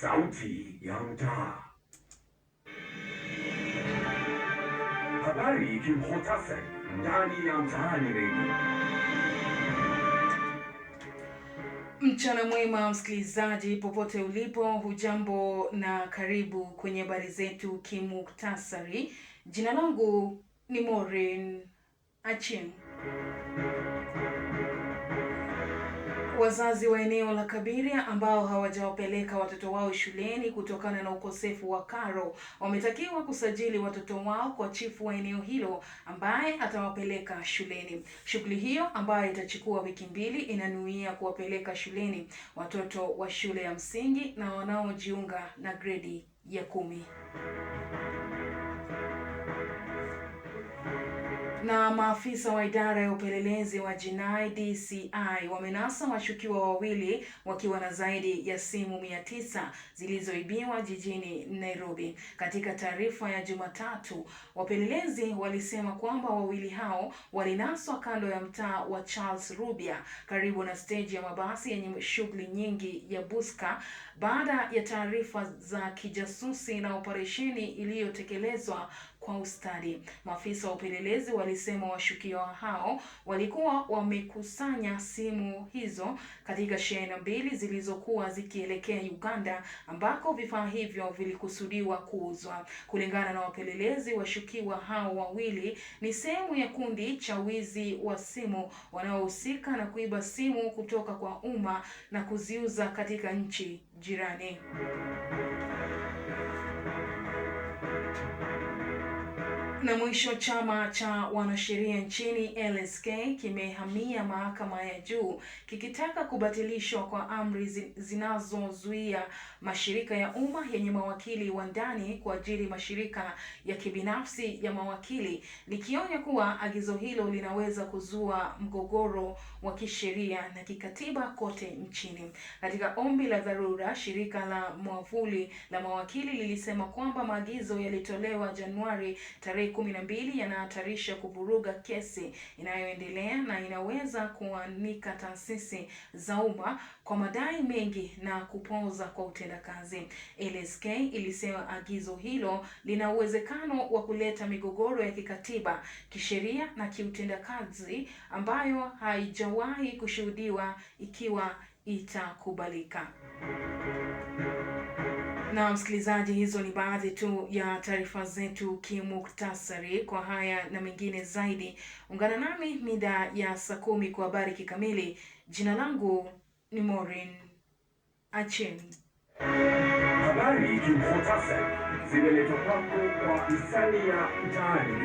Sauti ya Mtaa. Habari kimhutasari ndani ya Mtaani Redio. Mchana mwema msikilizaji, popote ulipo, hujambo na karibu kwenye habari zetu kimuktasari. Jina langu ni Maureen Achieng wazazi wa eneo la Kabiria ambao hawajawapeleka watoto wao shuleni kutokana na ukosefu wa karo wametakiwa kusajili watoto wao kwa chifu wa eneo hilo ambaye atawapeleka shuleni. Shughuli hiyo ambayo itachukua wiki mbili inanuia kuwapeleka shuleni watoto wa shule ya msingi na wanaojiunga na gredi ya kumi. Na maafisa wa idara ya upelelezi wa jinai DCI wamenasa washukiwa wawili wakiwa na zaidi ya simu mia tisa zilizoibiwa jijini Nairobi. Katika taarifa ya Jumatatu, wapelelezi walisema kwamba wawili hao walinaswa kando ya mtaa wa Charles Rubia karibu na steji ya mabasi yenye shughuli nyingi ya Buska baada ya taarifa za kijasusi na operesheni iliyotekelezwa kwa ustadi. Maafisa wa upelelezi wali ilisema washukiwa hao walikuwa wamekusanya simu hizo katika shehena mbili zilizokuwa zikielekea Uganda ambako vifaa hivyo vilikusudiwa kuuzwa. Kulingana na wapelelezi, washukiwa hao wawili ni sehemu ya kundi cha wizi wa simu wanaohusika na kuiba simu kutoka kwa umma na kuziuza katika nchi jirani. Na mwisho, chama cha wanasheria nchini LSK kimehamia mahakama ya juu kikitaka kubatilishwa kwa amri zinazozuia mashirika ya umma yenye mawakili wa ndani kuajiri mashirika ya kibinafsi ya mawakili, likionya kuwa agizo hilo linaweza kuzua mgogoro wa kisheria na kikatiba kote nchini. Katika ombi la dharura, shirika la mwavuli la mawakili lilisema kwamba maagizo yalitolewa Januari tarehe kumi na mbili yanahatarisha kuvuruga kesi inayoendelea na inaweza kuanika taasisi za umma kwa madai mengi na kupoza kwa utendakazi. LSK ilisema agizo hilo lina uwezekano wa kuleta migogoro ya kikatiba, kisheria na kiutendakazi ambayo haijawahi kushuhudiwa ikiwa itakubalika. Na msikilizaji, hizo ni baadhi tu ya taarifa zetu kimuktasari. Kwa haya na mengine zaidi, ungana nami mida ya saa kumi kwa habari kikamili. Jina langu ni Maureen Achen. Habari kimuktasari zimeletwa kwako kwa hisani ya mtaani.